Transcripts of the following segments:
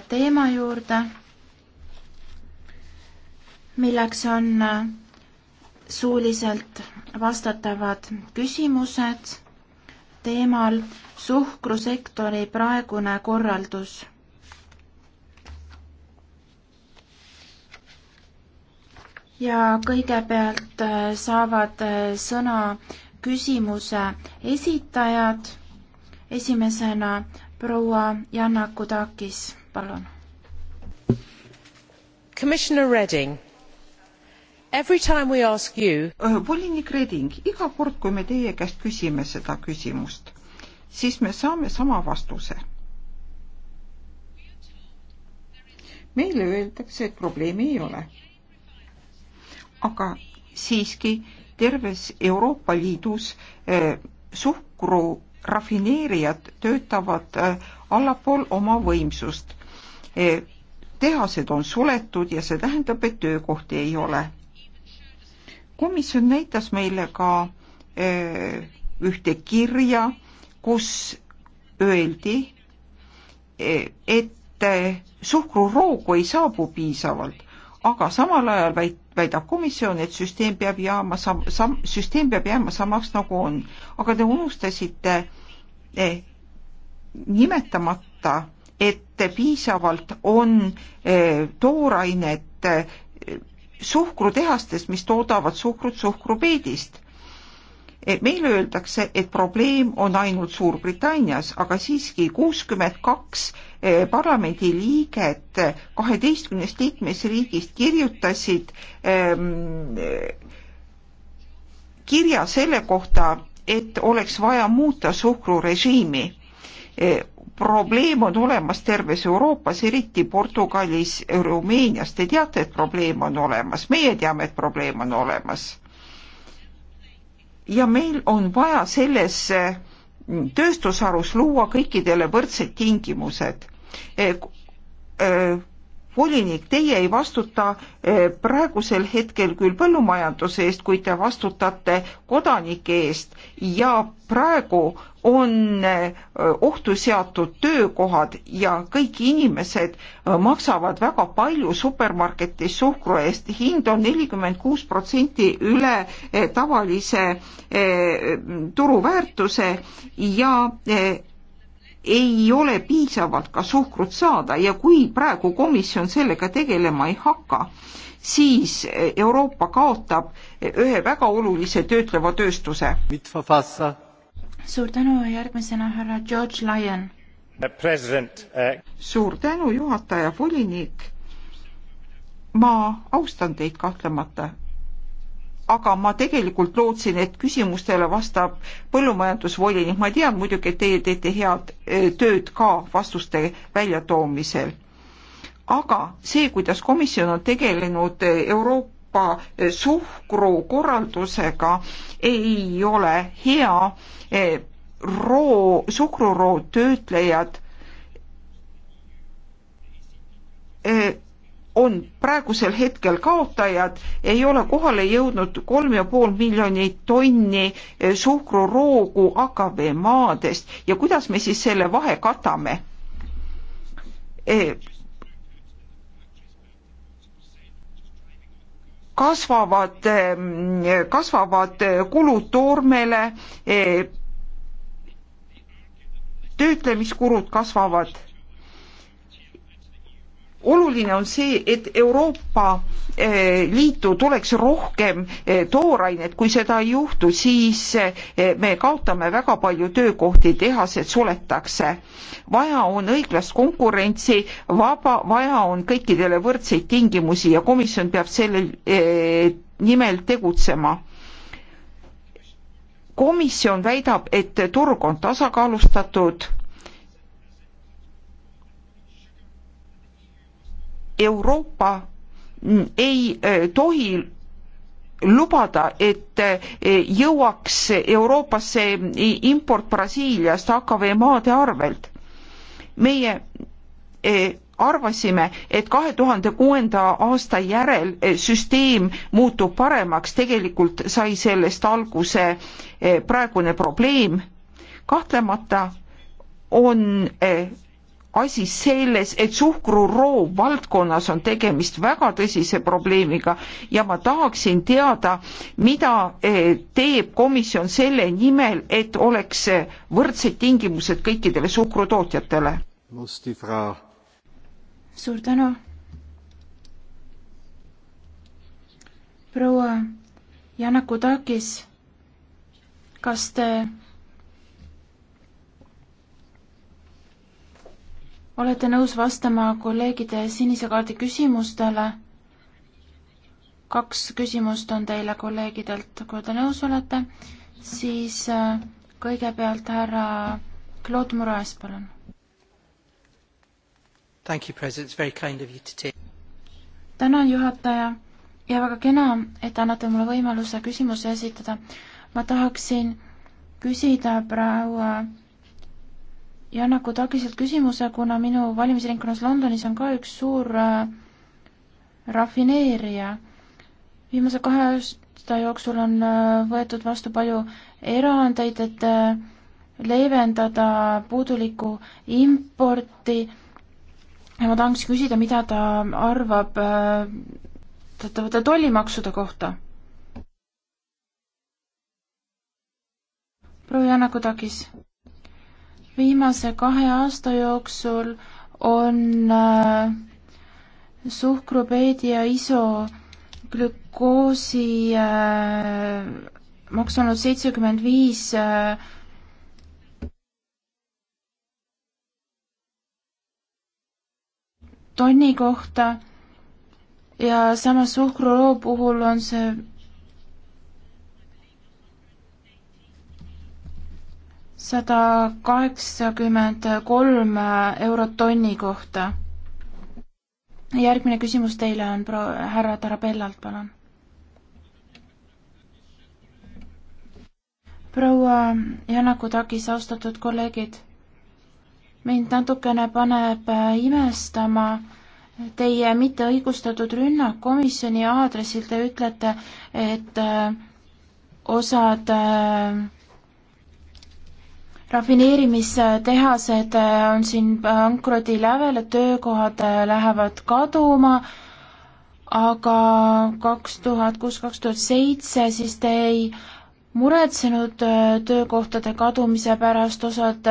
teema juurde, milleks on äh, suuliselt vastatavad küsimused teemal suhkrusektori praegune korraldus. ja kõigepealt äh, saavad äh, sõna küsimuse esitajad, esimesena proua Janna Kudakis palun. You... volinik reding iga kord kui me teie käest küsime seda küsimust siis me saame sama vastuse meile öeldakse et probleemi ei ole aga siiski terves euroopa liidus eh, suhkru rafineerijad töötavad allapool oma võimsust. E, tehased on suletud ja see tähendab, et töökohti ei ole. komisjon näitas meile ka e, ühte kirja, kus öeldi, e, et suhkruroogu ei saabu piisavalt, aga samal ajal väit-, väidab komisjon, et süsteem peab jääma sam-, sam-, süsteem peab jääma samaks, nagu on. aga te unustasite eh, nimetamata et piisavalt on eh, toorainet eh, suhkrutehastes, mis toodavad suhkrut suhkrupeedist. Eh, meile öeldakse, et probleem on ainult Suurbritannias, aga siiski kuuskümmend kaks parlamendiliiget kaheteistkümnest liikmesriigist kirjutasid ähm, kirja selle kohta, et oleks vaja muuta suhkrurežiimi probleem on olemas terves Euroopas, eriti Portugalis, Rumeenias. Te teate, et probleem on olemas, meie teame, et probleem on olemas. ja meil on vaja selles mm, tööstusharus luua kõikidele võrdsed tingimused eh, eh, volinik, teie ei vastuta eh, praegusel hetkel küll põllumajanduse eest, kuid te vastutate kodanike eest ja praegu on eh, ohtu seatud töökohad ja kõik inimesed eh, maksavad väga palju supermarketis suhkru eest. hind on nelikümmend kuus protsenti üle tavalise turuväärtuse ja ei ole piisavalt ka suhkrut saada ja kui praegu komisjon sellega tegelema ei hakka, siis Euroopa kaotab ühe väga olulise töötleva tööstuse. suur tänu, järgmisena härra George Lyon. Äh, suur tänu, juhataja, volinik. ma austan teid kahtlemata aga ma tegelikult lootsin, et küsimustele vastab põllumajandusvolinik, ma tean muidugi, et teie teete head e, tööd ka vastuste väljatoomisel. aga see, kuidas komisjon on tegelenud Euroopa e, suhkrukorraldusega, ei ole hea. E, roo, suhkruroo töötlejad on praegusel hetkel kaotajad, ei ole kohale jõudnud kolm ja pool miljonit tonni eh, suhkruroogu AKV maadest ja kuidas me siis selle vahe katame? Eh, kasvavad, eh, kasvavad kulud toormele, töötlemiskulud kasvavad oluline on see, et Euroopa eh, Liitu tuleks rohkem eh, toorainet, kui seda ei juhtu, siis eh, me kaotame väga palju töökohti, tehased suletakse. vaja on õiglast konkurentsi, vaba, vaja on kõikidele võrdseid tingimusi ja komisjon peab selle nimel tegutsema komisjon väidab, et turg on tasakaalustatud Euroopa ei eh, tohi lubada, et eh, jõuaks Euroopasse import Brasiiliast AKV maade arvelt. meie eh, arvasime, et kahe tuhande kuuenda aasta järel süsteem muutub paremaks, tegelikult sai sellest alguse praegune probleem. kahtlemata on asi selles, et suhkruroo valdkonnas on tegemist väga tõsise probleemiga ja ma tahaksin teada, mida eh, teeb komisjon selle nimel, et oleks eh, võrdsed tingimused kõikidele suhkrutootjatele? suur tänu. proua Janaku Takis, kas te olete nõus vastama kolleegide sinise kaardi küsimustele? kaks küsimust on teile kolleegidelt, kui te nõus olete, siis äh, kõigepealt härra Claude Moraes, palun. tänan, juhataja, ja väga kena, et annate mulle võimaluse küsimusi esitada. ma tahaksin küsida praegu äh, Jannaku tagiselt küsimuse, kuna minu valimisringkonnas Londonis on ka üks suur äh, rafineerija. viimase kahe aasta jooksul on äh, võetud vastu palju erandeid, et äh, leevendada puudulikku importi ja ma tahaks küsida, mida ta arvab äh, teatavate tollimaksude kohta. proua Jannaku tagis viimase kahe aasta jooksul on äh, suhkrupeedi ja isoglükoosi äh, maksanud seitsekümmend viis äh, tonni kohta ja samas suhkruroo puhul on see sada kaheksakümmend kolm eurot tonni kohta. järgmine küsimus teile on pro-, härra Tarabellalt, palun. proua Janakutakis, austatud kolleegid, mind natukene paneb imestama teie mitteõigustatud rünnak komisjoni aadressil, te ütlete, et äh, osad äh, rafineerimistehased äh, on siin pankroti lävel, et töökohad äh, lähevad kaduma, aga kaks tuhat kuus, kaks tuhat seitse siis te ei muretsenud äh, töökohtade kadumise pärast, osad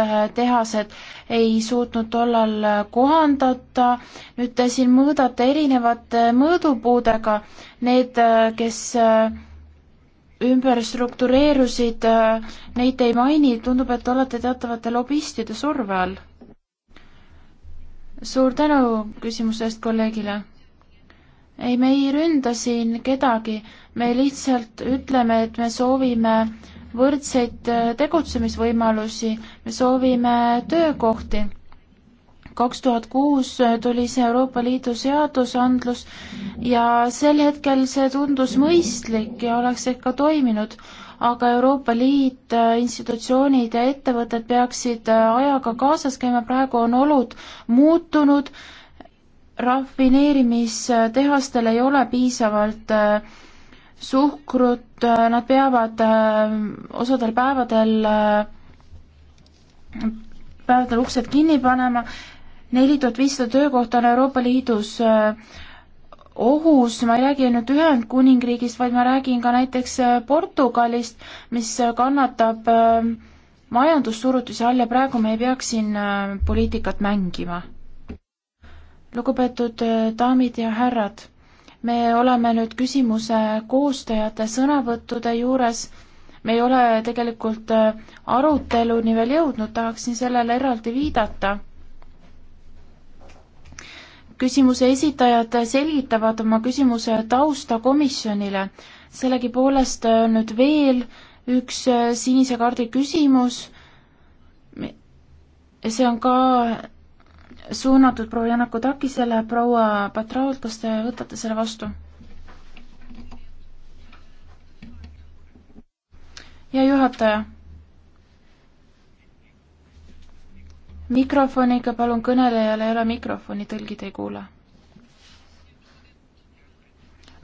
tehased ei suutnud tollal kohandata, nüüd te siin mõõdate erinevate mõõdupuudega, need, kes ümber struktureerusid, äh, neid ei maini, tundub, et olete teatavate lobistide surve all. suur tänu küsimuse eest kolleegile. ei, me ei ründa siin kedagi, me lihtsalt ütleme, et me soovime võrdseid äh, tegutsemisvõimalusi, me soovime töökohti kaks tuhat kuus tuli see Euroopa Liidu seadusandlus ja sel hetkel see tundus mõistlik ja oleks ehk ka toiminud, aga Euroopa Liit, institutsioonid ja ettevõtted peaksid äh, ajaga kaasas käima, praegu on olud muutunud, rafineerimistehastel ei ole piisavalt äh, suhkrut, äh, nad peavad osadel päevadel päevadel uksed kinni panema, neli tuhat viissada töökohta on Euroopa Liidus äh, ohus, ma ei räägi ainult Ühendkuningriigist, vaid ma räägin ka näiteks äh, Portugalist, mis äh, kannatab majandussurutise all ja praegu me ei peaks siin poliitikat mängima. lugupeetud daamid ja härrad, me oleme nüüd küsimuse koostajate sõnavõttude juures me ei ole tegelikult aruteluni veel jõudnud, tahaksin sellele eraldi viidata küsimuse esitajad selgitavad oma küsimuse tausta komisjonile. sellegipoolest on nüüd veel üks äh, sinise kaardi küsimus. see on ka suunatud proua Janako Takisele, proua Patrault, kas te võtate selle vastu? ja juhataja mikrofoniga, palun kõnelejale ei ole mikrofoni, tõlgid ei kuule.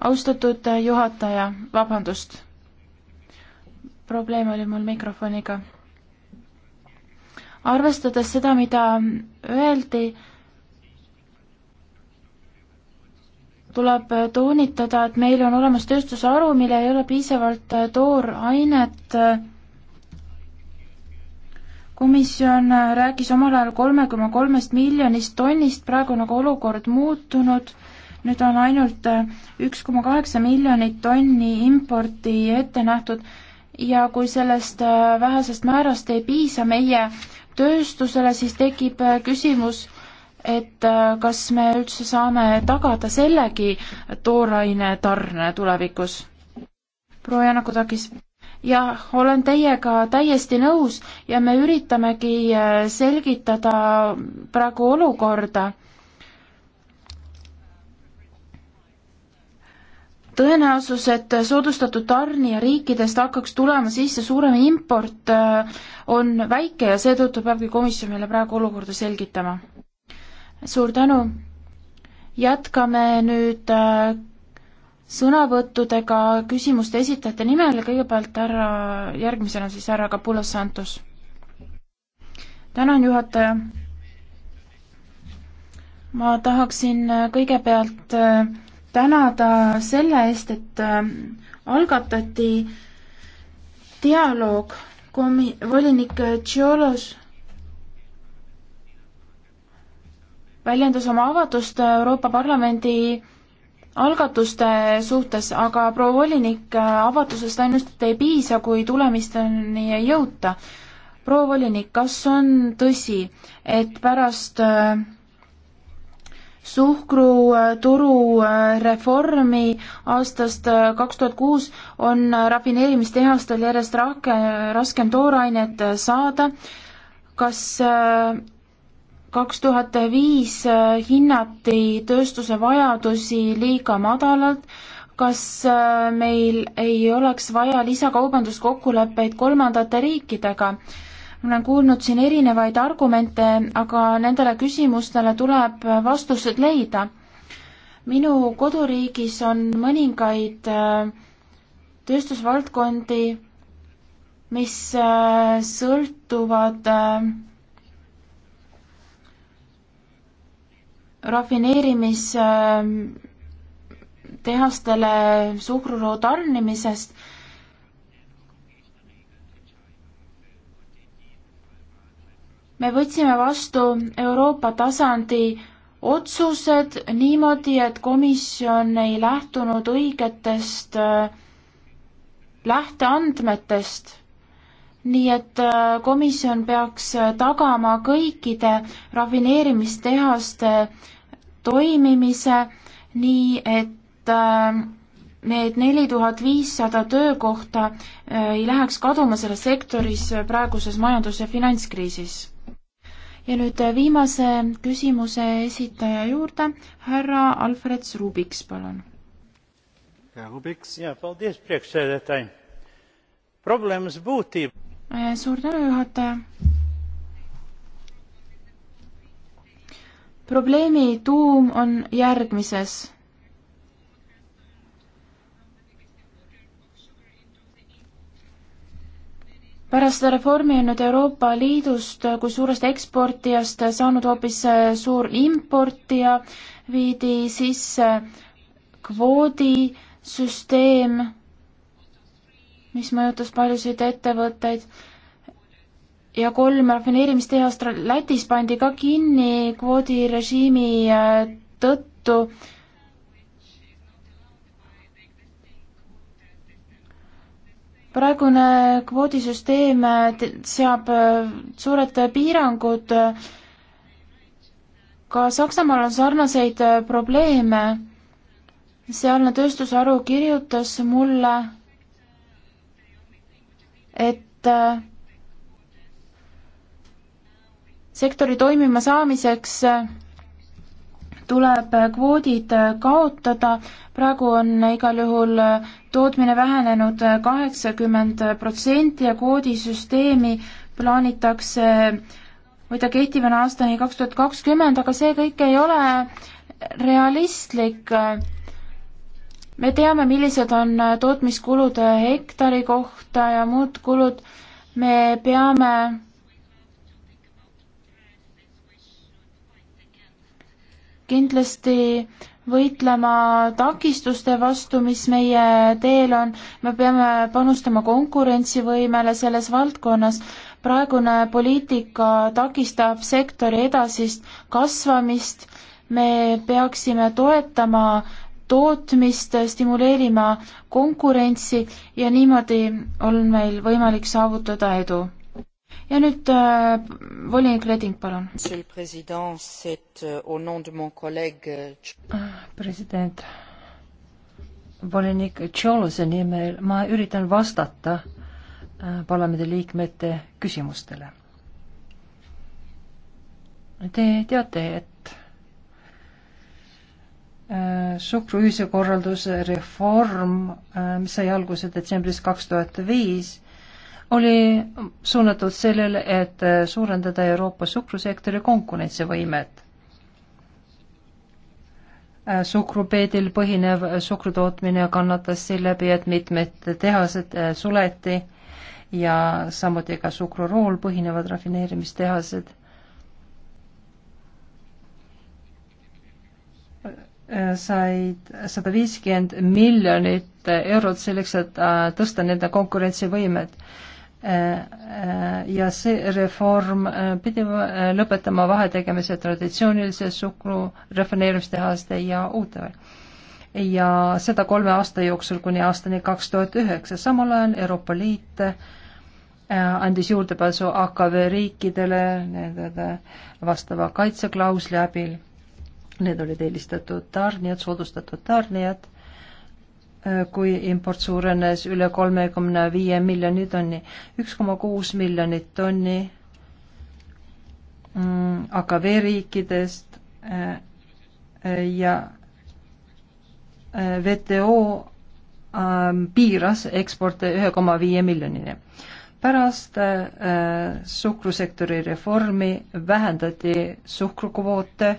austatud juhataja, vabandust. probleem oli mul mikrofoniga. arvestades seda, mida öeldi, tuleb toonitada, et meil on olemas tööstusharu, millel ei ole piisavalt toorainet komisjon äh, rääkis omal ajal kolme koma kolmest miljonist tonnist, praegu on aga olukord muutunud, nüüd on ainult äh, üks koma kaheksa miljonit tonni importi ette nähtud ja kui sellest äh, vähesest määrast ei piisa meie tööstusele, siis tekib küsimus, et kas me üldse saame tagada sellegi tooraine tarne tulevikus? proua Janakutakis jah, olen teiega täiesti nõus ja me üritamegi äh, selgitada praegu olukorda. tõenäosus, et soodustatud tarnija riikidest hakkaks tulema sisse suurem import, äh, on väike ja seetõttu peabki komisjon meile praegu olukorda selgitama. suur tänu! jätkame nüüd äh, sõnavõttudega küsimuste esitajate nimel, kõigepealt härra, järgmisena siis härra Kapulas Santos. tänan, juhataja. ma tahaksin kõigepealt äh, tänada selle eest, et äh, algatati dialoog komi-, volinik Tšiolos väljendas oma avaldust Euroopa Parlamendi algatuste suhtes, aga proua volinik, avatusest ainult ei piisa, kui tulemisteni ei jõuta. proua volinik, kas on tõsi, et pärast äh, suhkruturu äh, äh, reformi aastast kaks tuhat kuus on rafineerimistehastel järjest rahke, raskem toorainet saada. kas kaks tuhat viis äh, hinnati tööstuse vajadusi liiga madalalt, kas äh, meil ei oleks vaja lisakaubanduskokkuleppeid kolmandate riikidega? ma olen kuulnud siin erinevaid argumente, aga nendele küsimustele tuleb äh, vastused leida. minu koduriigis on mõningaid tööstusvaldkondi, mis sõltuvad äh, rafineerimistehastele ähm, suhkruroo tarnimisest. me võtsime vastu Euroopa tasandi otsused niimoodi, et komisjon ei lähtunud õigetest äh, lähteandmetest nii et äh, komisjon peaks äh, tagama kõikide rafineerimistehaste toimimise, nii et äh, need neli tuhat viissada töökohta ei läheks kaduma selles sektoris praeguses majandus- ja finantskriisis. ja nüüd viimase küsimuse esitaja juurde, härra Alfred Rubiks, palun. Rubiks. jah, paldies, peaks seda probleemis puutib Eh, suur tänu, juhataja. probleemi tuum on järgmises. pärast seda reformi on nüüd Euroopa Liidust kui suurest eksportijast saanud hoopis eh, suur importija, viidi sisse kvoodisüsteem mis mõjutas paljusid ettevõtteid ja kolm rafineerimistehast Lätis pandi ka kinni kvoodirežiimi äh, tõttu. praegune kvoodisüsteem äh, seab äh, suured piirangud. ka Saksamaal on sarnaseid probleeme. sealne tööstusharu kirjutas mulle et äh, sektori toimima saamiseks äh, tuleb kvoodid äh, kaotada, praegu on igal juhul tootmine vähenenud kaheksakümmend protsenti ja kvoodisüsteemi plaanitakse hoida kehtivana aastani kaks tuhat kakskümmend, aga see kõik ei ole realistlik me teame, millised on äh, tootmiskulud äh, hektari kohta ja muud kulud. me peame kindlasti võitlema takistuste vastu, mis meie teel on, me peame panustama konkurentsivõimele selles valdkonnas. praegune poliitika takistab sektori edasist kasvamist, me peaksime toetama tootmist, stimuleerima konkurentsi ja niimoodi on meil võimalik saavutada edu. ja nüüd äh, volinik Reding, palun. Euh, euh, ah, president, volinik Tšolose nimel ma üritan vastata äh, parlamendiliikmete küsimustele. Te teate, et suhkru äh, ühisekorralduse reform, äh, mis sai alguse detsembris kaks tuhat viis, oli suunatud sellele, et äh, suurendada Euroopa suhkrusektori konkurentsivõimet. suhkrupeedil põhinev suhkrutootmine kannatas seeläbi, et mitmed tehased suleti ja samuti ka suhkrurool põhinevad rafineerimistehased said sada viiskümmend miljonit eurot selleks, et äh, tõsta nende konkurentsivõimet. Äh, äh, ja see reform pidi lõpetama vahetegemise traditsioonilise suhkru refineerimistehaste ja uute ja seda kolme aasta jooksul kuni aastani kaks tuhat üheksa, samal ajal Euroopa Liit andis juurdepääsu AKV riikidele nende vastava kaitseklausli abil need olid eelistatud tarnijad, soodustatud tarnijad, äh, kui import suurenes üle kolmekümne viie miljoni tonni, üks koma kuus miljonit tonni mm, AKV riikidest äh, äh, ja WTO ähm, piiras eksporte ühe koma viie miljonini pärast äh, suhkrusektori reformi vähendati suhkrukvoote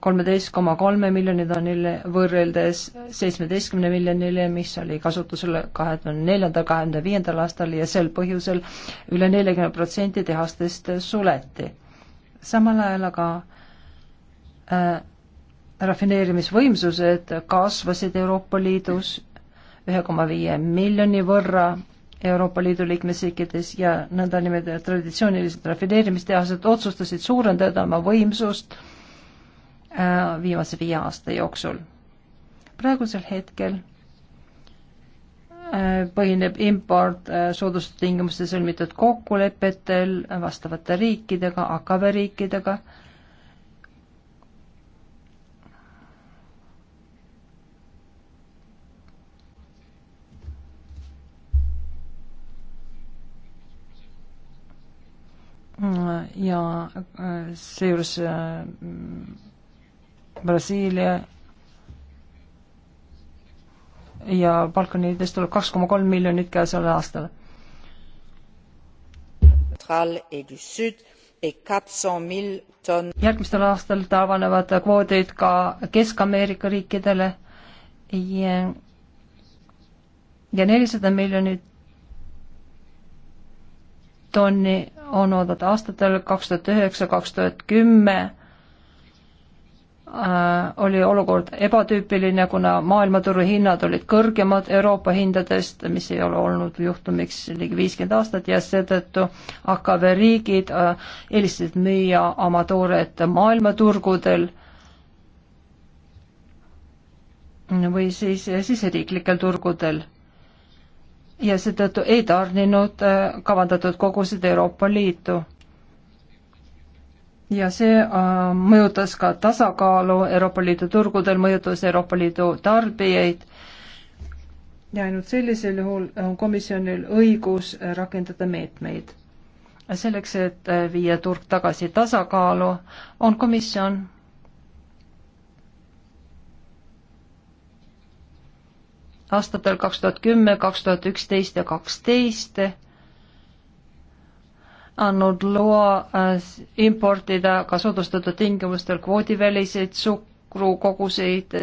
kolmeteist koma kolme miljonit on neile võrreldes seitsmeteistkümne miljonile, mis oli kasutusel kahe tuhande neljandal, kahe tuhande viiendal aastal ja sel põhjusel üle neljakümne protsendi tehastest suleti. samal ajal aga äh, rafineerimisvõimsused kasvasid Euroopa Liidus ühe koma viie miljoni võrra Euroopa Liidu liikmesriikides ja nõndanimetatud traditsioonilised rafineerimistehased otsustasid suurendada oma võimsust äh, Äh, viimase viie aasta jooksul. praegusel hetkel äh, põhineb import äh, soodustingimustes sõlmitud kokkulepetel vastavate riikidega, AKV riikidega. ja seejuures Brasiilia ja Balkanidest tuleb kaks koma kolm miljonit käesoleval aastal. järgmistel aastatel avanevad kvoodid ka Kesk-Ameerika riikidele ja ja nelisada miljonit tonni on oodata aastatel kaks tuhat üheksa, kaks tuhat kümme Äh, oli olukord ebatüüpiline, kuna maailmaturu hinnad olid kõrgemad Euroopa hindadest, mis ei ole olnud juhtumiks ligi viiskümmend aastat ja seetõttu AKV riigid äh, eelistasid müüa oma tooret maailmaturgudel või siis siseriiklikel turgudel. ja seetõttu ei tarninud äh, kavandatud kogused Euroopa Liitu ja see äh, mõjutas ka tasakaalu Euroopa Liidu turgudel, mõjutas Euroopa Liidu tarbijaid ja ainult sellisel juhul on komisjonil õigus rakendada meetmeid. selleks, et äh, viia turg tagasi tasakaalu, on komisjon aastatel kaks tuhat kümme, kaks tuhat üksteist ja kaksteist andnud loa äh, importida ka soodustatud tingimustel kvoodiväliseid suhkrukoguseid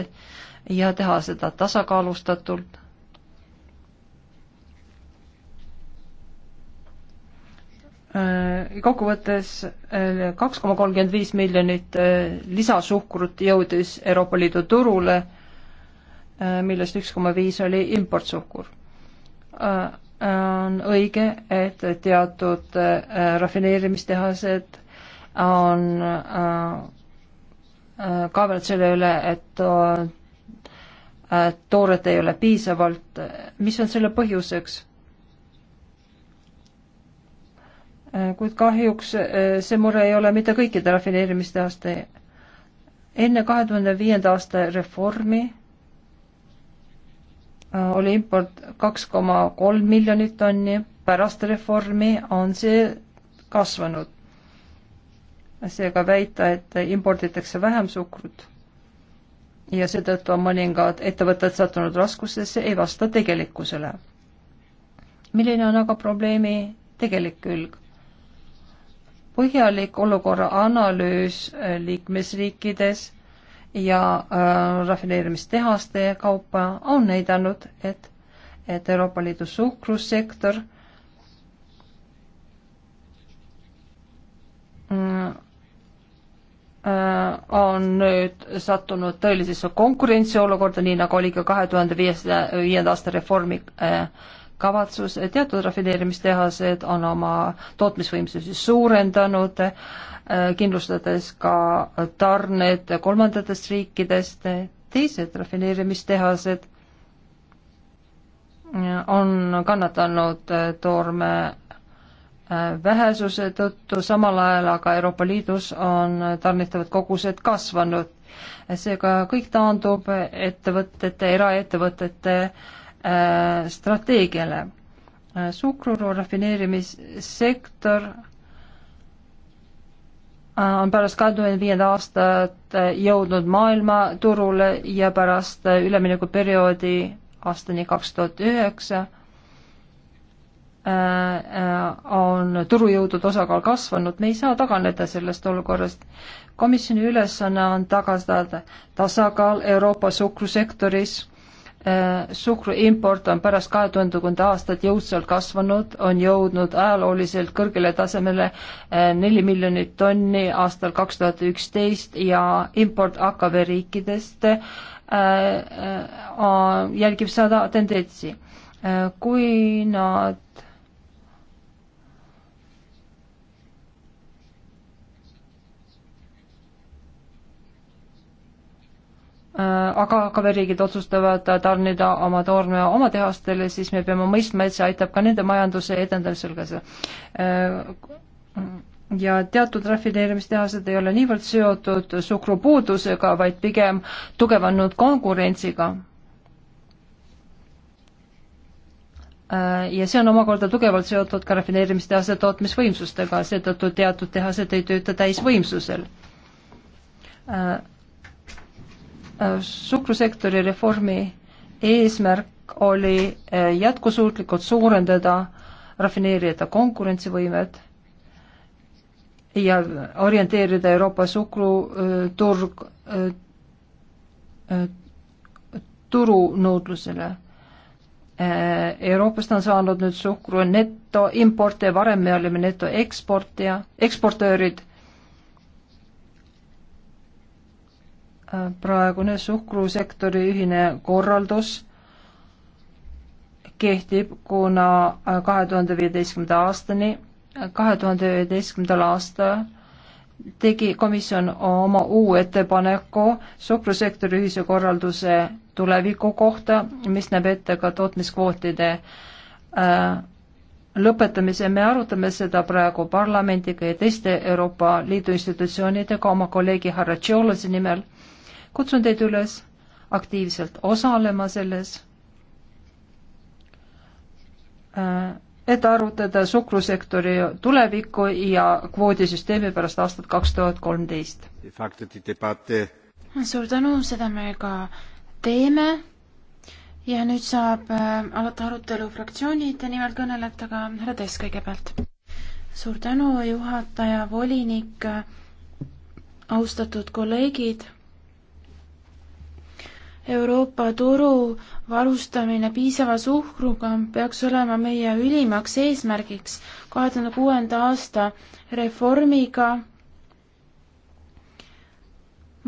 ja teha seda tasakaalustatult. Äh, kokkuvõttes äh, kaks koma kolmkümmend viis miljonit lisasuhkrut jõudis Euroopa Liidu turule, millest üks koma viis oli importsuhkur on õige, et teatud äh, rafineerimistehased on äh, äh, kaevanud selle üle, et tooret ei ole piisavalt. mis on selle põhjuseks? kuid kahjuks see mure ei ole mitte kõikide rafineerimistehaste. enne kahe tuhande viienda aasta reformi Äh, oli import kaks koma kolm miljonit tonni, pärast reformi on see kasvanud. seega väita, et imporditakse vähem suhkrut ja seetõttu on mõningad ettevõtted sattunud raskustesse, ei vasta tegelikkusele. milline on aga probleemi tegelik külg? põhjalik olukorra analüüs äh, liikmesriikides ja äh, rafineerimistehaste kaupa on näidanud, et, et Euroopa Liidu suhkrussektor mm, äh, on nüüd sattunud tõelisesse konkurentsiolukorda, nii nagu oli ka kahe tuhande viienda aasta reformi äh, kavatsus, teatud rafineerimistehased on oma tootmisvõimsusi suurendanud, äh, kindlustades ka tarned kolmandatest riikidest, teised rafineerimistehased äh, on kannatanud äh, toorme vähesuse tõttu, samal ajal aga Euroopa Liidus on tarnitavad kogused kasvanud. seega kõik taandub ettevõtete, eraettevõtete äh, Äh, strateegiale. Äh, suhkruru rafineerimissektor äh, on pärast kahe tuhande viienda aastat jõudnud maailmaturule ja pärast üleminekuperioodi aastani kaks tuhat üheksa on turujõudude osakaal kasvanud, me ei saa taganeda sellest olukorrast. komisjoni ülesanne on tagastada tasakaal Euroopa suhkrusektoris Äh, suhkru import on pärast kahe tuhande kuuenda aastat jõudsalt kasvanud, on jõudnud ajalooliselt kõrgele tasemele äh, neli miljonit tonni aastal kaks tuhat üksteist ja import AKV riikidest äh, jälgib seda tendentsi. kui nad Äh, aga ka veel riigid otsustavad tarnida oma toorme oma tehastele, siis me peame mõistma, et see aitab ka nende majanduse edendamisel ka see. Äh, ja teatud rafineerimistehased ei ole niivõrd seotud suhkrupuudusega, vaid pigem tugevanud konkurentsiga. Äh, ja see on omakorda tugevalt seotud ka rafineerimistehase tootmisvõimsustega, seetõttu teatud tehased ei tööta täisvõimsusel Äh, suhkrusektori reformi eesmärk oli äh, jätkusuutlikult suurendada rafineerijate konkurentsivõimet ja orienteerida Euroopa suhkruturg äh, turunõudlusele. Euroopast on saanud nüüd suhkru netoimportija, varem me olime netoeksportija, eksportöörid praegune suhkrusektori ühine korraldus kehtib kuna kahe tuhande viieteistkümnenda aastani. kahe tuhande üheteistkümnendal aastal tegi komisjon oma uue ettepaneku suhkrusektori ühise korralduse tuleviku kohta, mis näeb ette ka tootmiskvootide äh, lõpetamise, me arutame seda praegu parlamendiga ja teiste Euroopa Liidu institutsioonidega oma kolleegi Harratšiolase nimel kutsun teid üles aktiivselt osalema selles, äh, et arutada suhkrusektori tulevikku ja kvoodisüsteemi pärast aastat kaks tuhat kolmteist. suur tänu, seda me ka teeme ja nüüd saab äh, alata arutelu fraktsioonide nimel kõnelejate, aga härra Tess kõigepealt. suur tänu, juhataja, volinik, äh, austatud kolleegid. Euroopa turu varustamine piisava suhkruga peaks olema meie ülimaks eesmärgiks kahe tuhande kuuenda aasta reformiga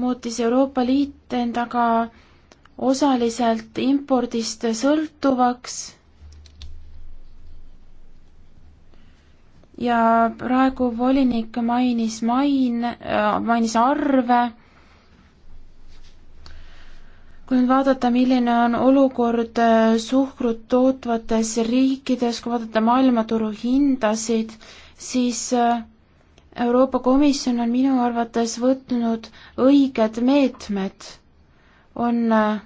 muutis Euroopa Liit endaga osaliselt impordist sõltuvaks ja praegu volinik mainis main, äh, mainis arve kui nüüd vaadata, milline on olukord äh, suhkrut tootvates riikides, kui vaadata maailmaturu hindasid, siis äh, Euroopa Komisjon on minu arvates võtnud õiged meetmed, on äh,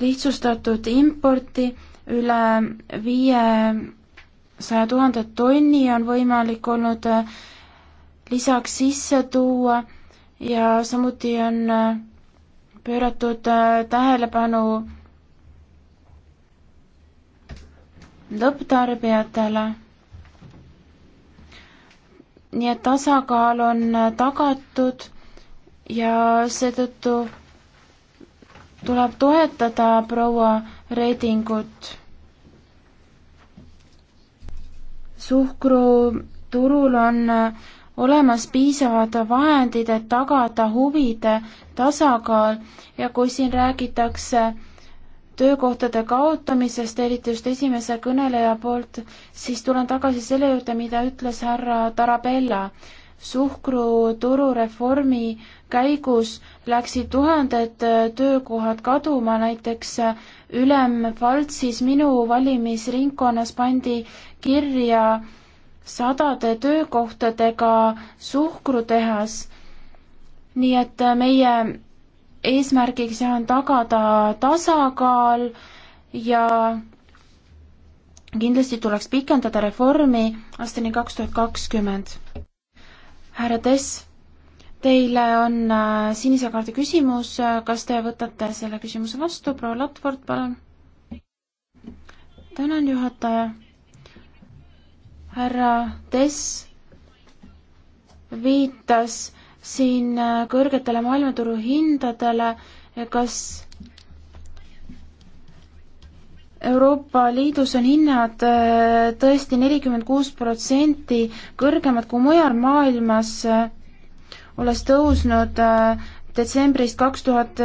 lihtsustatud importi üle viie saja tuhande tonni on võimalik olnud lisaks sisse tuua ja samuti on äh, pööratud äh, tähelepanu lõpptarbijatele. nii et tasakaal on äh, tagatud ja seetõttu tuleb toetada proua Redingut. suhkruturul on olemas piisavad vahendid, et tagada huvide tasakaal ja kui siin räägitakse töökohtade kaotamisest, eriti just esimese kõneleja poolt, siis tulen tagasi selle juurde, mida ütles härra Tarabella. suhkruturu reformi käigus läksid tuhanded töökohad kaduma, näiteks Ülemfaltsis minu valimisringkonnas pandi kirja sadade töökohtadega suhkrutehas. nii et äh, meie eesmärgiks on tagada tasakaal ja kindlasti tuleks pikendada reformi aastani kaks tuhat kakskümmend. härra Tess, teile on äh, sinise kaardi küsimus, kas te võtate selle küsimuse vastu, proua Latvord, palun? tänan, juhataja härra Tess viitas siin äh, kõrgetele maailmaturu hindadele, kas Euroopa Liidus on hinnad äh, tõesti nelikümmend kuus protsenti kõrgemad kui mujal maailmas, äh, olles tõusnud detsembrist kaks tuhat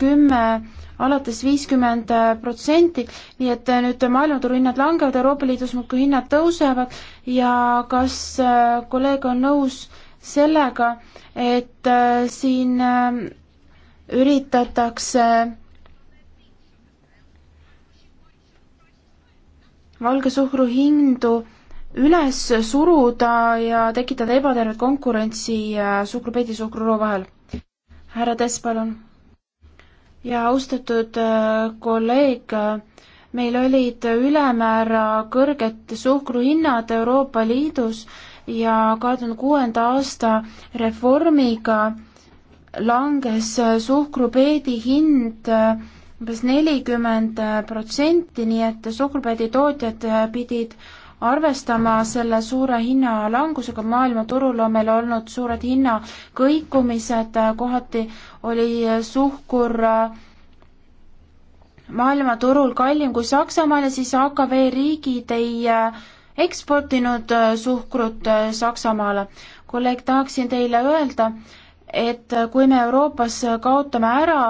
kümme alates viiskümmend äh, protsenti, nii et äh, nüüd äh, maailmaturu hinnad langevad, Euroopa Liidus muudkui hinnad tõusevad ja kas kolleeg on nõus sellega, et siin üritatakse valgesuhkru hindu üles suruda ja tekitada ebatervet konkurentsi suhkru, peidisuhkru vahel. härra Tess, palun ja austatud äh, kolleeg, meil olid ülemäära kõrged suhkruhinnad Euroopa Liidus ja kahe tuhande kuuenda aasta reformiga langes suhkrupeedi hind äh, umbes nelikümmend protsenti, nii et suhkrupeedi tootjad äh, pidid arvestama selle suure hinnalangusega maailmaturul on meil olnud suured hinnakõikumised, kohati oli suhkur äh, maailmaturul kallim kui Saksamaal ja siis AKV riigid ei äh, eksportinud äh, suhkrut Saksamaale. kolleeg, tahaksin teile öelda, et kui me Euroopas kaotame ära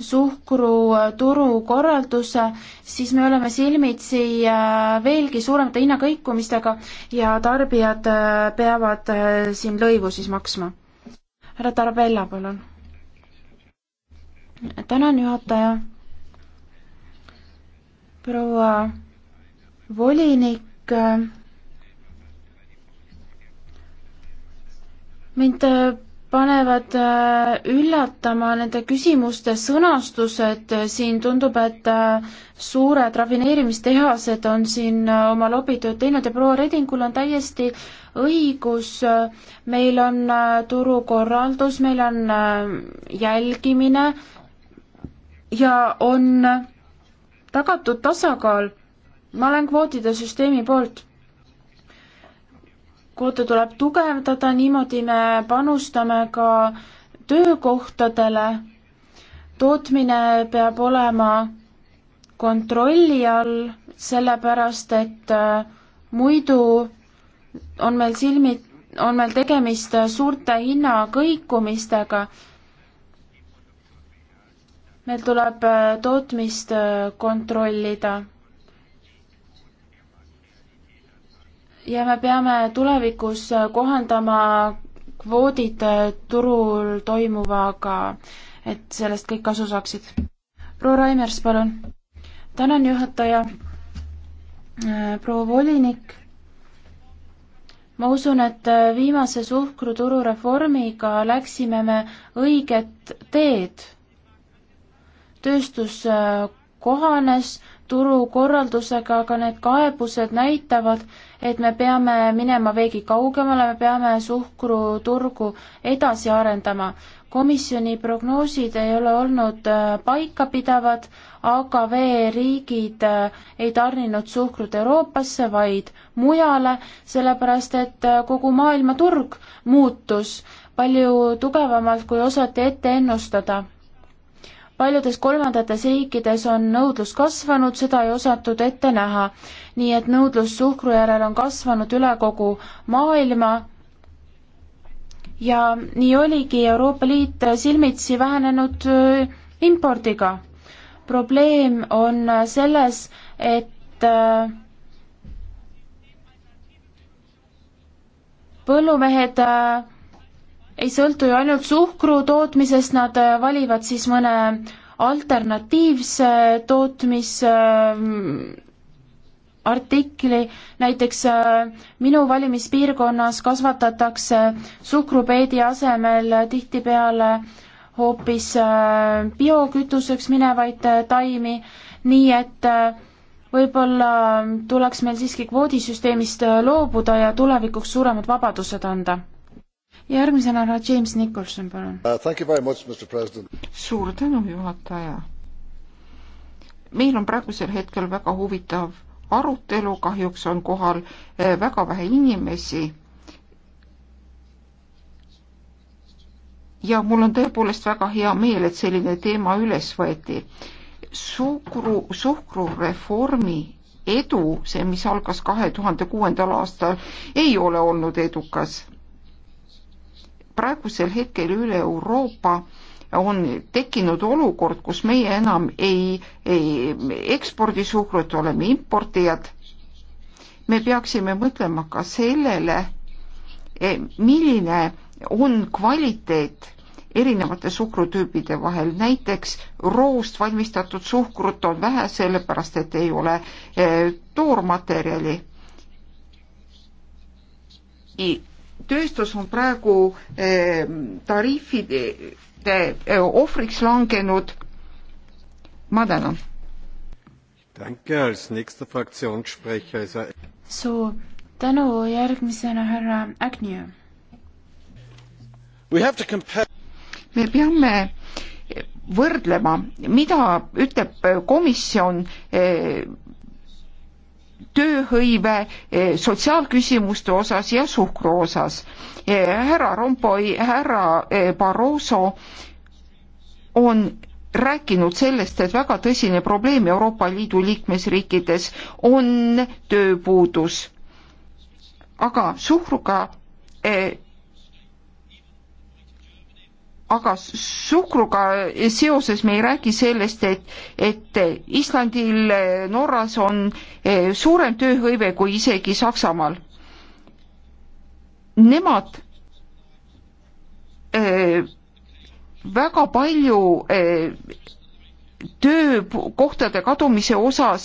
suhkruturu korralduse, siis me oleme silmitsi äh, veelgi suuremate hinnakõikumistega ja tarbijad äh, peavad äh, siin lõivu siis maksma. härra Tarabella, palun. tänan, juhataja. proua volinik mind panevad äh, üllatama nende küsimuste sõnastused, siin tundub, et äh, suured rafineerimistehased on siin äh, oma lobitööd teinud ja proua Redingul on täiesti õigus, meil on turukorraldus, meil on jälgimine ja on tagatud tasakaal, ma olen kvootide süsteemi poolt kvoote tuleb tugevdada, niimoodi me panustame ka töökohtadele. tootmine peab olema kontrolli all, sellepärast et äh, muidu on meil silmid, on meil tegemist äh, suurte hinnakõikumistega. meil tuleb äh, tootmist kontrollida ja me peame tulevikus kohandama kvoodid turul toimuvaga, et sellest kõik kasu saaksid. proua Raimers, palun. tänan, juhataja. proua volinik. ma usun, et viimase suhkruturu reformiga läksime me õiget teed. tööstus äh, kohanes turukorraldusega, aga need kaebused näitavad, et me peame minema veidi kaugemale, me peame suhkruturgu edasi arendama. komisjoni prognoosid ei ole olnud äh, paikapidavad, AKV riigid äh, ei tarninud suhkrut Euroopasse, vaid mujale, sellepärast et äh, kogu maailma turg muutus palju tugevamalt, kui osati ette ennustada paljudes kolmandates riikides on nõudlus kasvanud, seda ei osatud ette näha. nii et nõudlus suhkru järel on kasvanud üle kogu maailma ja nii oligi Euroopa Liit silmitsi vähenenud äh, impordiga. probleem on selles, et äh, põllumehed äh, ei sõltu ju ainult suhkru tootmisest, nad äh, valivad siis mõne alternatiivse tootmisartikli, äh, näiteks äh, minu valimispiirkonnas kasvatatakse suhkrupeedi asemel tihtipeale hoopis biokütuseks minevaid taimi, nii et võib-olla tuleks meil siiski kvoodisüsteemist loobuda ja tulevikuks suuremad vabadused anda järgmisena härra James Nicholson, palun uh,. suur tänu, juhataja. meil on praegusel hetkel väga huvitav arutelu, kahjuks on kohal eh, väga vähe inimesi. ja mul on tõepoolest väga hea meel, et selline teema üles võeti. suhkru, suhkrureformi edu, see, mis algas kahe tuhande kuuendal aastal, ei ole olnud edukas praegusel hetkel üle Euroopa on tekkinud olukord, kus meie enam ei, ei ekspordi suhkrut, oleme importijad. me peaksime mõtlema ka sellele, e, milline on kvaliteet erinevate suhkrutüübide vahel, näiteks roost valmistatud suhkrut on vähe, sellepärast et ei ole e, toormaterjali tööstus on praegu eh, tariifide eh, ohvriks langenud. ma tänan. suur er- tänu, järgmisena härra Agnew. me peame võrdlema, mida ütleb komisjon eh, tööhõive eh, sotsiaalküsimuste osas ja suhkru osas. Eh, härra Rompoi, härra eh, Barroso on rääkinud sellest, et väga tõsine probleem Euroopa Liidu liikmesriikides on tööpuudus. aga suhkruga aga suhkruga seoses me ei räägi sellest, et, et Islandil, Norras on eh, suurem tööhõive kui isegi Saksamaal. Nemad eh, väga palju eh, töökohtade kadumise osas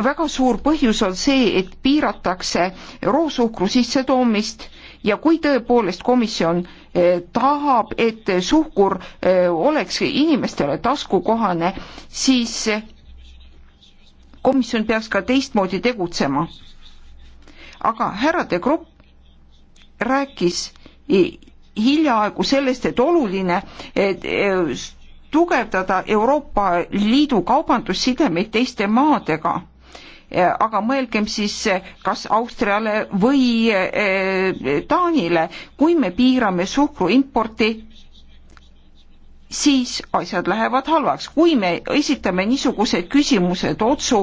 väga suur põhjus on see, et piiratakse roosuhkru sissetoomist ja kui tõepoolest komisjon äh, Eh, tahab, et suhkur eh, oleks inimestele taskukohane, siis komisjon peaks ka teistmoodi tegutsema. aga härra De Kropp rääkis eh, hiljaaegu sellest, et oluline et tugevdada Euroopa Liidu kaubandussidemeid teiste maadega Eh, aga mõelgem siis eh, kas Austriale või eh, Taanile, kui me piirame suhkru importi siis asjad lähevad halvaks. kui me esitame niisugused küsimused otsu,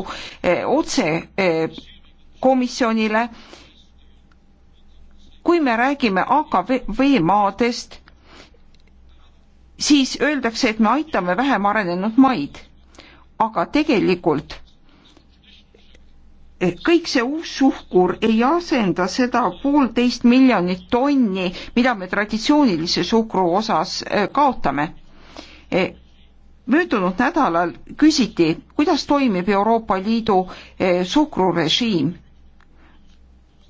otse komisjonile, kui me räägime AKV maadest, siis öeldakse, et me aitame vähem arenenud maid. aga tegelikult Eh, kõik see uus suhkur ei asenda seda poolteist miljonit tonni, mida me traditsioonilise suhkru osas eh, kaotame. Eh, möödunud nädalal küsiti, kuidas toimib Euroopa Liidu suhkrurežiim.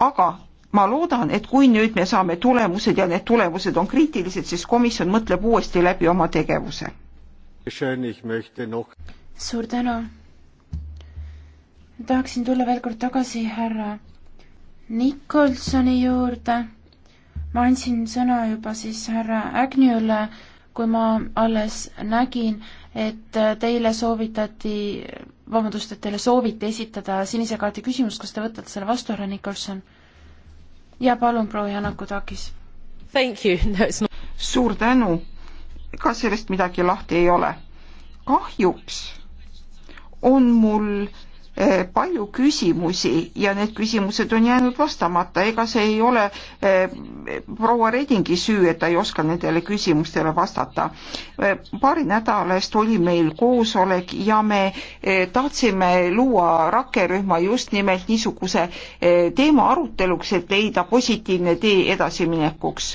aga ma loodan, et kui nüüd me saame tulemused ja need tulemused on kriitilised, siis komisjon mõtleb uuesti läbi oma tegevuse. suur tänu tahaksin tulla veel kord tagasi härra Nicholsoni juurde. ma andsin sõna juba siis härra Agnew'le, kui ma alles nägin, et teile soovitati, vabandust, et teile sooviti esitada sinise kaardi küsimus, kas te võtate selle vastu, härra Nicholson? ja palun, proua Janakutakis. No, suur tänu. ka sellest midagi lahti ei ole. kahjuks on mul Eh, palju küsimusi ja need küsimused on jäänud vastamata, ega see ei ole eh, proua Redingi süü, et ta ei oska nendele küsimustele vastata. Eh, paari nädala eest oli meil koosolek ja me tahtsime luua rakkerühma just nimelt niisuguse teema aruteluks, et leida positiivne tee edasiminekuks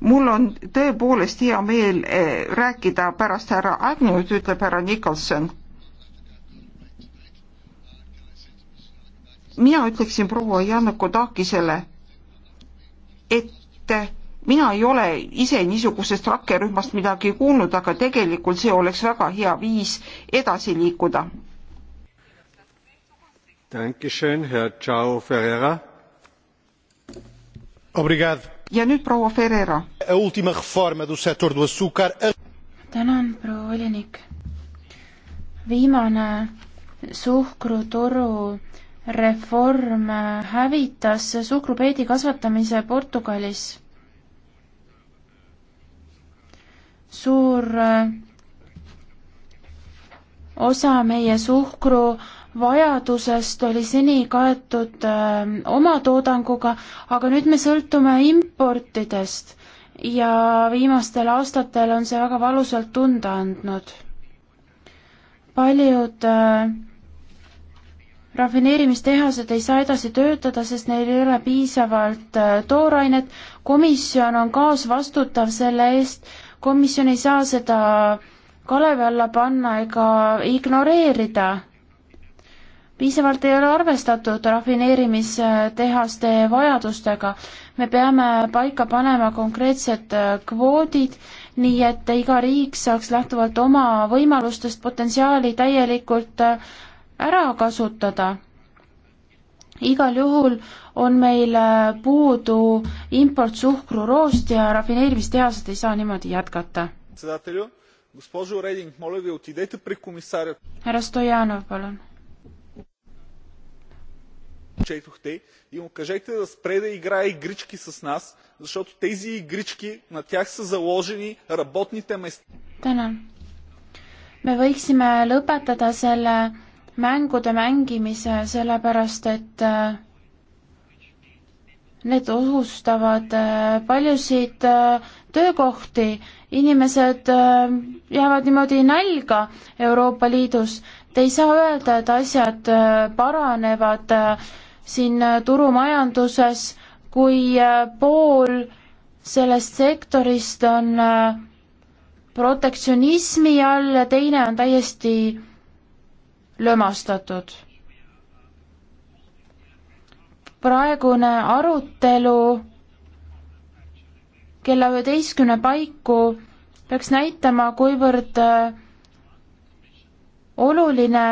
mul on tõepoolest hea meel rääkida pärast härra Agnewt, ütleb härra Nicholson mina ütleksin proua Jannaku Taakisele, et mina ei ole ise niisugusest rakkerühmast midagi kuulnud, aga tegelikult see oleks väga hea viis edasi liikuda. ja nüüd proua Ferreira. tänan, proua volinik. viimane suhkruturu reform hävitas suhkrupeedi kasvatamise Portugalis. suur äh, osa meie suhkru vajadusest oli seni kaetud äh, oma toodanguga, aga nüüd me sõltume importidest ja viimastel aastatel on see väga valusalt tunda andnud. paljud äh, rafineerimistehased ei saa edasi töötada, sest neil ei ole piisavalt äh, toorainet. komisjon on kaasvastutav selle eest, komisjon ei saa seda kalevi alla panna ega ignoreerida. piisavalt ei ole arvestatud rafineerimistehaste vajadustega. me peame paika panema konkreetsed äh, kvoodid, nii et iga riik saaks lähtuvalt oma võimalustest potentsiaali täielikult äh, ära kasutada. igal juhul on meil äh, puudu importsuhkru roost ja rafineerimistehased ei saa niimoodi jätkata. härra Stojanov, palun. четохте и му кажете да спре да играе игрички с нас, защото тези игрички, на тях са заложени работните места. tänan. me võiksime lõpetada selle mängude mängimise, sellepärast et äh, need ohustavad äh, paljusid äh, töökohti. inimesed jäävad niimoodi nälga Euroopa Liidus. Te ei saa öelda, et asjad paranevad siin turumajanduses, kui pool sellest sektorist on protektsionismi all ja teine on täiesti lömastatud. praegune arutelu kella üheteistkümne paiku peaks näitama, kuivõrd äh, oluline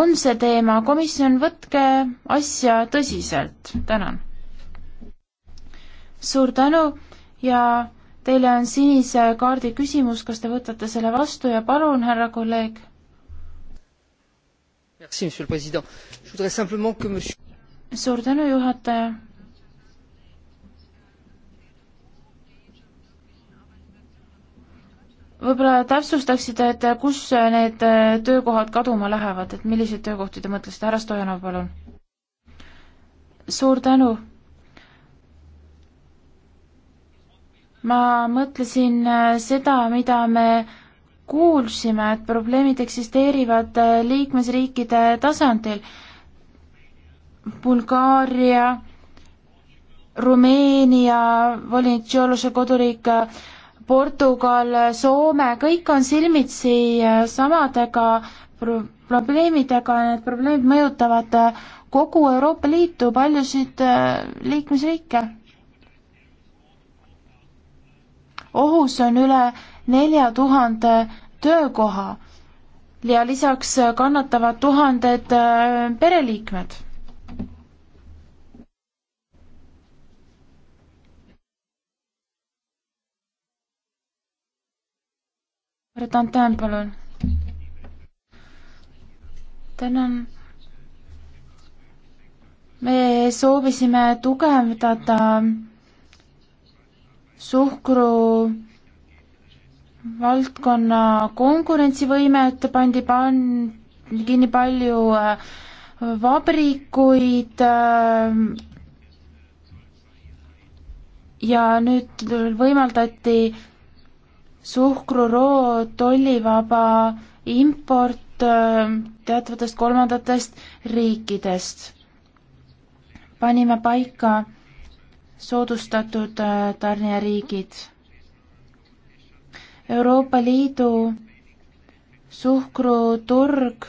on see teema, komisjon, võtke asja tõsiselt, tänan. suur tänu ja teile on sinise kaardi küsimus, kas te võtate selle vastu ja palun, härra kolleeg suur tänu, juhataja. võib-olla täpsustaksite, et kus need töökohad kaduma lähevad, et milliseid töökohti te mõtlesite, härra Stojanov, palun. suur tänu. ma mõtlesin seda, mida me kuulsime, et probleemid eksisteerivad äh, liikmesriikide tasandil. Bulgaaria, Rumeenia, volinik Tšolose koduriik, Portugal, Soome, kõik on silmitsi äh, samadega probleemidega ja need probleemid mõjutavad äh, kogu Euroopa Liitu, paljusid liikmesriike ohus on üle nelja tuhande töökoha ja lisaks kannatavad tuhanded äh, pereliikmed. Tantan, palun. tänan. me soovisime tugevdada suhkru valdkonna konkurentsivõimet pandi pan-, kinni palju äh, vabrikuid äh, ja nüüd võimaldati suhkruroo tollivaba import äh, teatavatest kolmandatest riikidest. panime paika soodustatud äh, tarneriigid. Euroopa Liidu suhkruturg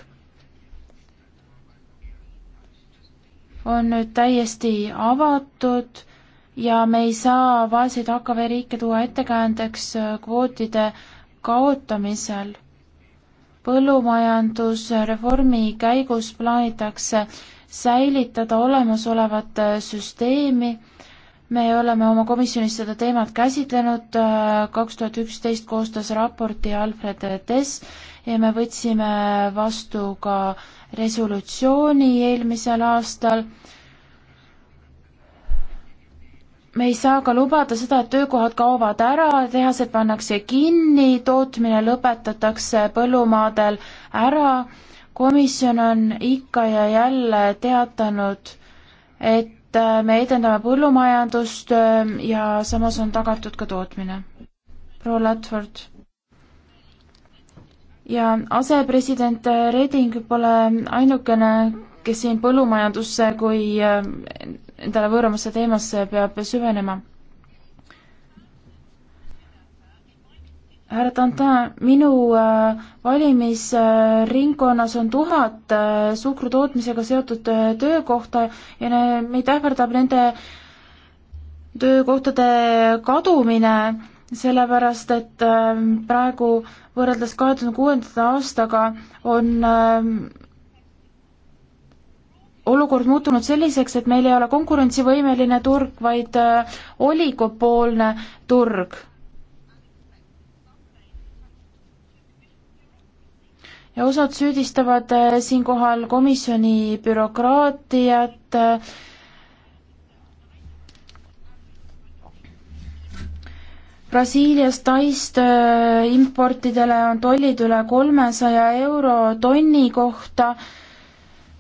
on nüüd täiesti avatud ja me ei saa vaeseid AKV riike tuua ettekäändeks äh, kvootide kaotamisel. põllumajandusreformi käigus plaanitakse säilitada olemasolevat äh, süsteemi me oleme oma komisjonis seda teemat käsitlenud, äh, kaks tuhat üksteist koostas raporti Alfred Tess ja me võtsime vastu ka resolutsiooni eelmisel aastal. me ei saa ka lubada seda, et töökohad kaovad ära, tehased pannakse kinni, tootmine lõpetatakse põllumaadel ära. komisjon on ikka ja jälle teatanud, et et äh, me edendame põllumajandust äh, ja samas on tagatud ka tootmine. proua Ladford. ja asepresident äh, Reding pole ainukene, kes siin põllumajandusse kui endale võõramasse teemasse peab süvenema härra Tantan, minu äh, valimisringkonnas on tuhat äh, suhkru tootmisega seotud äh, töökohta ja ne, meid ähvardab nende töökohtade kadumine, sellepärast et praegu võrreldes kahe tuhande kuuendate aastaga on olukord muutunud selliseks, et meil ei ole konkurentsivõimeline turg, vaid oligopoolne turg ja osad süüdistavad äh, siinkohal komisjoni bürokraatiat, äh, Brasiilias taist äh, importidele on tollid üle kolmesaja euro tonni kohta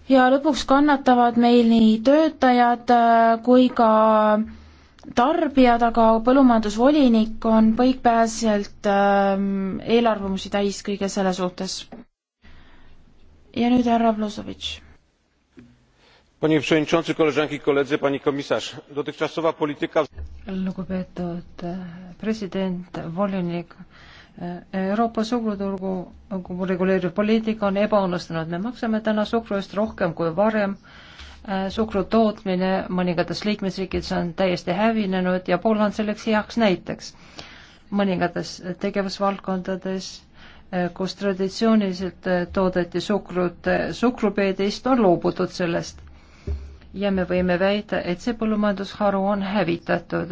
ja lõpuks kannatavad meil nii töötajad kui ka tarbijad, aga põllumajandusvolinik on põikpääselt ähm, eelarvamusi täis kõige selle suhtes ja nüüd härra Vlosovitš. Panie przewodniczący, koleżanki i koledzy, pani komisarz, dotychczasowa polityka... Lugupeetud e, president, volinik, e, Euroopa suhkruturgu reguleeriv poliitika on ebaõnnestunud, me maksame täna suhkru eest rohkem kui varem, e, suhkru tootmine mõningates liikmesriikides on täiesti hävinenud ja Poola on selleks heaks näiteks. mõningates tegevusvaldkondades Eh, kus traditsiooniliselt eh, toodeti suhkrut eh, suhkrupeedist, on loobutud sellest. ja me võime väita, et see põllumajandusharu on hävitatud.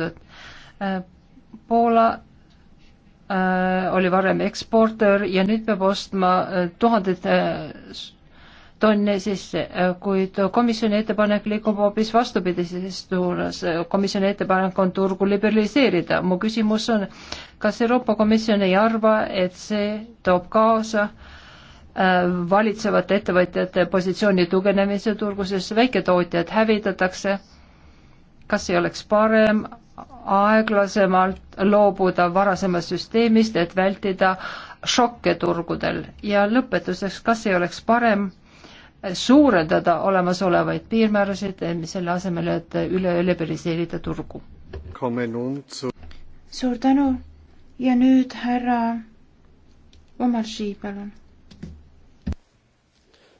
Poola äh, oli varem eksportöör ja nüüd peab ostma äh, tuhandete äh, tonni sisse, kuid komisjoni ettepanek liigub hoopis vastupidises suunas. komisjoni ettepanek on turgu liberaliseerida. mu küsimus on, kas Euroopa Komisjon ei arva, et see toob kaasa äh, valitsevate ettevõtjate positsiooni tugevnemise turgu, sest väiketootjad hävitatakse. kas ei oleks parem aeglasemalt loobuda varasemast süsteemist, et vältida šokke turgudel ja lõpetuseks, kas ei oleks parem suurendada olemasolevaid piirmäärasid, eh, selle asemel, et üle liberaliseerida turgu. suur tänu ja nüüd härra Omar Šii, palun.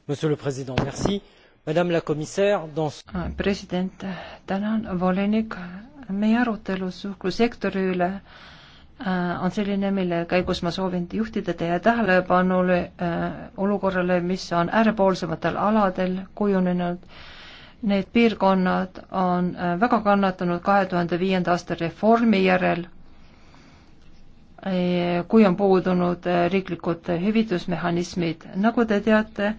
Monsieur le Président, merci. Madame la commissaire, dans ah, president, tänan, volinik, meie arutelu suhkrusektori üle äh, Äh, on selline, mille käigus ma soovin juhtida teie tähelepanu äh, olukorrale, mis on äärepoolsematel aladel kujunenud. Need piirkonnad on äh, väga kannatanud kahe tuhande viienda aasta reformi järel Eh, kui on puudunud eh, riiklikud hüvitusmehhanismid. nagu te teate,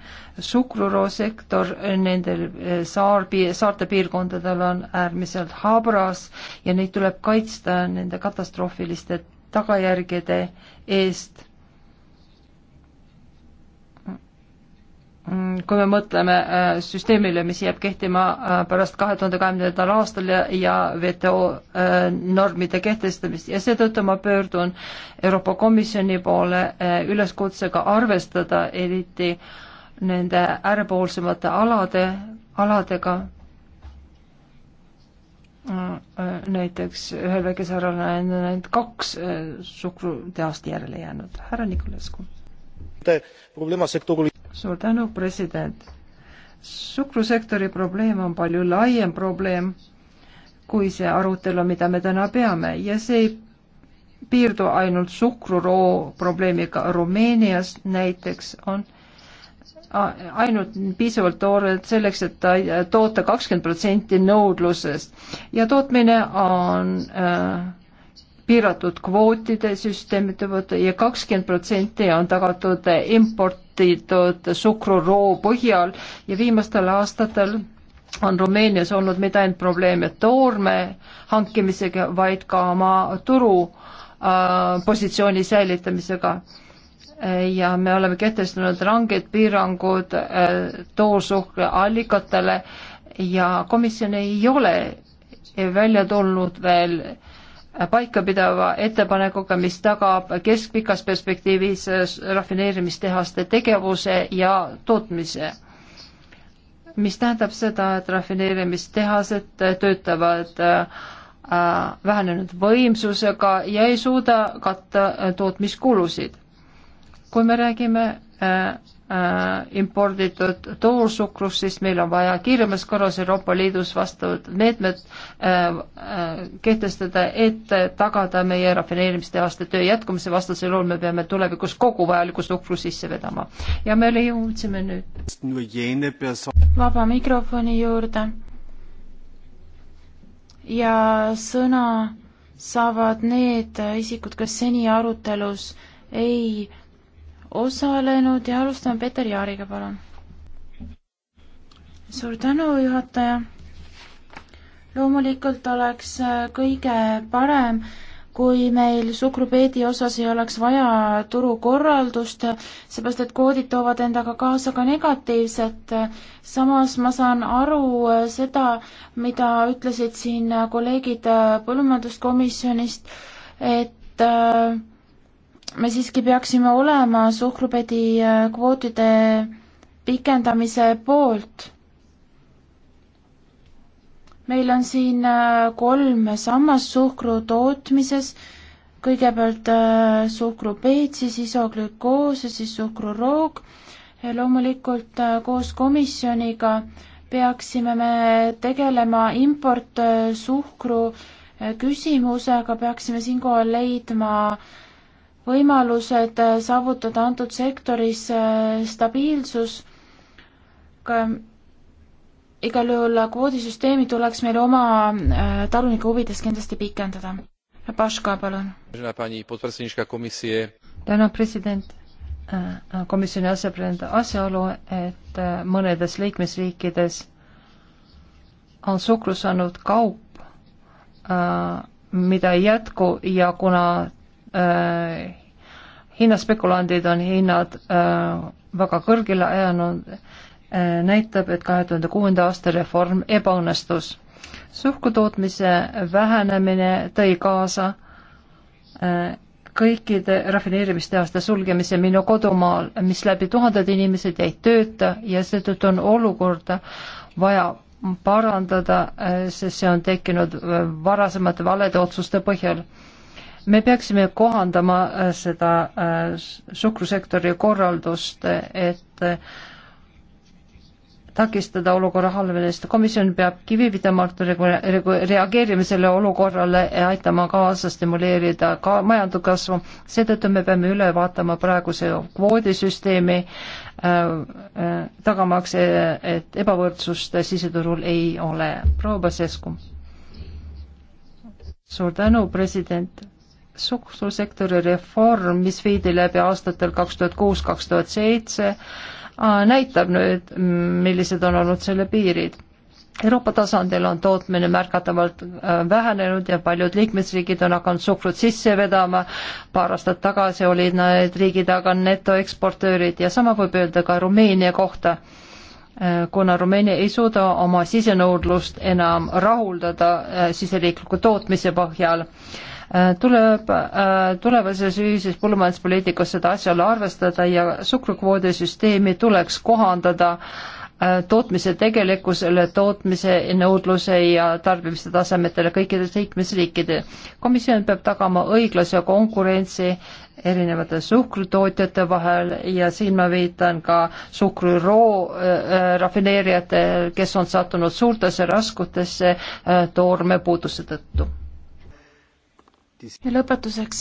suhkruroosektor eh, nendel saar, saarte piirkondadel on äärmiselt habras ja neid tuleb kaitsta nende katastroofiliste tagajärgede eest Mm, kui me mõtleme äh, süsteemile, mis jääb kehtima äh, pärast kahe tuhande kahekümnendal aastal ja, ja WTO äh, normide kehtestamist ja seetõttu ma pöördun Euroopa Komisjoni poole üleskutsega arvestada eriti nende äärepoolsemate alade, aladega, näiteks ühel väikesaarel on ainult kaks suhkrutehast järele jäänud, härra Nikolescu. probleema sektorul suur tänu, president. suhkrusektori probleem on palju laiem probleem kui see arutelu, mida me täna peame ja see ei piirdu ainult suhkruroo probleemiga. Rumeenias näiteks on ainult piisavalt toored selleks, et ta toota kakskümmend protsenti nõudlusest ja tootmine on äh, piiratud kvootide süsteemide võtta ja kakskümmend protsenti on tagatud importitud suhkruroo põhjal ja viimastel aastatel on Rumeenias olnud mitte ainult probleeme toorme hankimisega, vaid ka oma turu äh, positsiooni säilitamisega ja me oleme kehtestanud ranged piirangud äh, toorsuhkreallikatele ja komisjon ei ole välja tulnud veel paikapidava ettepanekuga, mis tagab keskpikas perspektiivis äh, rafineerimistehaste tegevuse ja tootmise. mis tähendab seda, et rafineerimistehased äh, töötavad äh, vähenenud võimsusega ja ei suuda katta tootmiskulusid. kui me räägime Äh, äh, imporditud toorsukrust, siis meil on vaja kiiremas korras Euroopa Liidus vastavad meetmed äh, kehtestada, et tagada meie rafineerimistehaste töö jätkumise, vastasel juhul me peame tulevikus kogu vajaliku suhkru sisse vedama. ja me jõudsime nüüd vaba mikrofoni juurde. ja sõna saavad need isikud, kes seni arutelus ei osalenud ja alustame Peeter Jaariga, palun. suur tänu, juhataja. loomulikult oleks äh, kõige parem, kui meil suhkrupeedi osas ei oleks vaja turukorraldust, seepärast et koodid toovad endaga kaasa ka negatiivset. samas ma saan aru äh, seda, mida ütlesid siin äh, kolleegid põllumajanduskomisjonist, et äh, me siiski peaksime olema suhkrupedi äh, kvootide pikendamise poolt. meil on siin äh, kolm sammast suhkru tootmises, kõigepealt äh, suhkrupeet, siis isoglükoos ja siis suhkruroog ja loomulikult koos komisjoniga peaksime me tegelema importsuhkru küsimusega, peaksime siinkohal leidma äh, võimalused äh, saavutada antud sektoris äh, stabiilsus, ka igal juhul kvoodisüsteemi tuleks meil oma äh, talunike huvides kindlasti pikendada. Paška, palun. tänan, president, komisjoni asepresident, asjaolu, et mõnedes liikmesriikides on suhkrus andnud kaup, mida ei jätku ja kuna äh, hinnaspekulandid on hinnad äh, väga kõrgele ajanud äh,, näitab, et kahe tuhande kuuenda aasta reform ebaõnnestus. suhkrutootmise vähenemine tõi kaasa äh, kõikide rafineerimistehaste sulgemise minu kodumaal, mis läbi tuhanded inimesed jäid tööta ja seetõttu on olukorda vaja parandada, äh, sest see on tekkinud äh, varasemate valede otsuste põhjal me peaksime kohandama äh, seda äh, suhkrusektori korraldust, et äh, takistada olukorra halvenemist. komisjon peab kivipidamalt reageerima selle olukorrale ja aitama kaasa stimuleerida ka majanduskasvu. seetõttu me peame üle vaatama praeguse kvoodisüsteemi äh,, tagamaks, et ebavõrdsust siseturul ei ole. proua Basescu. suur tänu, president suhkrusektori reform, mis viidi läbi aastatel kaks tuhat kuus, kaks tuhat seitse, äh, näitab nüüd, mm, millised on olnud selle piirid. Euroopa tasandil on tootmine märgatavalt äh, vähenenud ja paljud liikmesriigid on hakanud suhkrut sisse vedama, paar aastat tagasi olid need riigid aga netoeksportöörid ja sama võib öelda ka Rumeenia kohta äh, kuna Rumeenia ei suuda oma sisenõudlust enam rahuldada siseriikliku tootmise põhjal äh, tuleb äh, tulevases ühises põllumajanduspoliitikas seda asjaolu arvestada ja suhkrukvoodisüsteemi tuleks kohandada äh, tootmise tegelikkusele, tootmise nõudluse ja tarbimise tasemetele kõikides liikmesriikides. komisjon peab tagama õiglase konkurentsi erinevate suhkrutootjate vahel ja siin ma viitan ka suhkruroo äh, äh rafineerijate, kes on sattunud suurtesse raskutesse äh, toormepuuduse tõttu ja lõpetuseks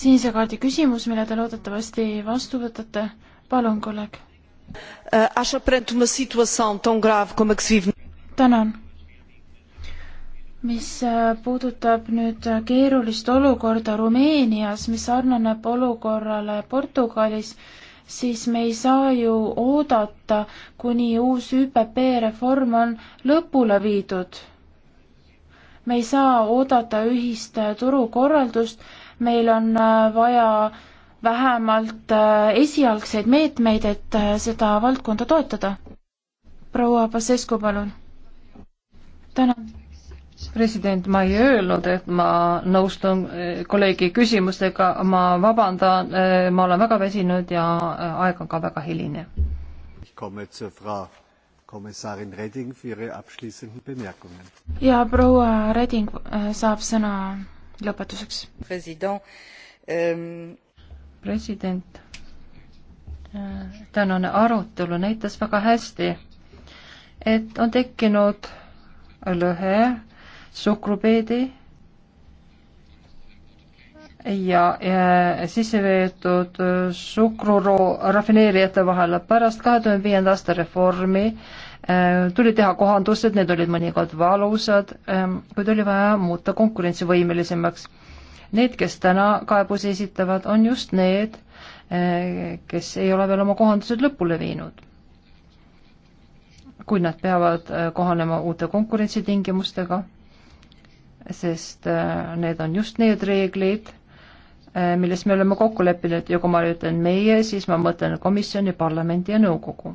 sinise kaardi küsimus, mille te loodetavasti vastu võtate. palun, kolleeg. Eh, tänan. mis eh, puudutab nüüd keerulist olukorda Rumeenias, mis sarnaneb olukorrale Portugalis, siis me ei saa ju oodata, kuni uus ÜPP reform on lõpule viidud me ei saa oodata ühist äh, turukorraldust, meil on äh, vaja vähemalt äh, esialgseid meetmeid, et seda valdkonda toetada. proua Pasescu, palun. tänan. president, ma ei öelnud, et ma nõustun kolleegi küsimustega, ma vabandan, ma olen väga väsinud ja aeg on ka väga hiline. Kommissarin Reding für ihre abschließenden Bemerkungen. ja proua Reding äh, saab sõna lõpetuseks. president ähm.... president, äh, tänane arutelu näitas väga hästi, et on tekkinud lõhe suhkrupeedi ja, ja sisse veetud suhkruroo rafineerijate vahele. pärast kahe tuhande viienda aasta reformi äh, tuli teha kohandused, need olid mõnikord valusad äh,, kuid oli vaja muuta konkurentsivõimelisemaks. Need, kes täna kaebusi esitavad, on just need äh,, kes ei ole veel oma kohandused lõpule viinud. kuid nad peavad äh, kohanema uute konkurentsitingimustega, sest äh, need on just need reeglid Äh, milles me oleme kokku leppinud ja kui ma ütlen meie, siis ma mõtlen komisjoni, parlamendi ja nõukogu.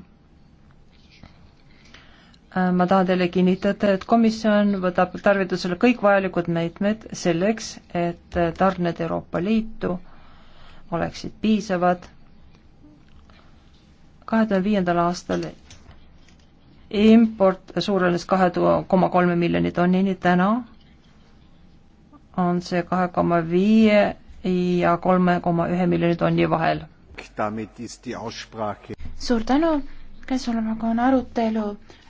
Äh, ma tahan teile kinnitada, et komisjon võtab tarvitusele kõik vajalikud meetmed selleks, et äh, tarned Euroopa Liitu oleksid piisavad. kahe tuhande viiendal aastal import suurenes kahe koma kolme miljoni tonnini, täna on see kahe koma viie ja kolme koma ühe miljoni tonni vahel. suur tänu, käesolevaga on arutelu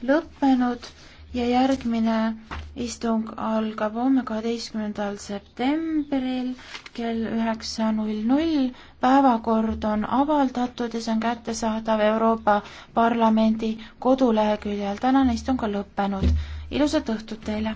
lõppenud ja järgmine istung algab homme, kaheteistkümnendal septembril kell üheksa null null. päevakord on avaldatud ja see on kättesaadav Euroopa Parlamendi koduleheküljel. tänane istung on lõppenud. ilusat õhtut teile!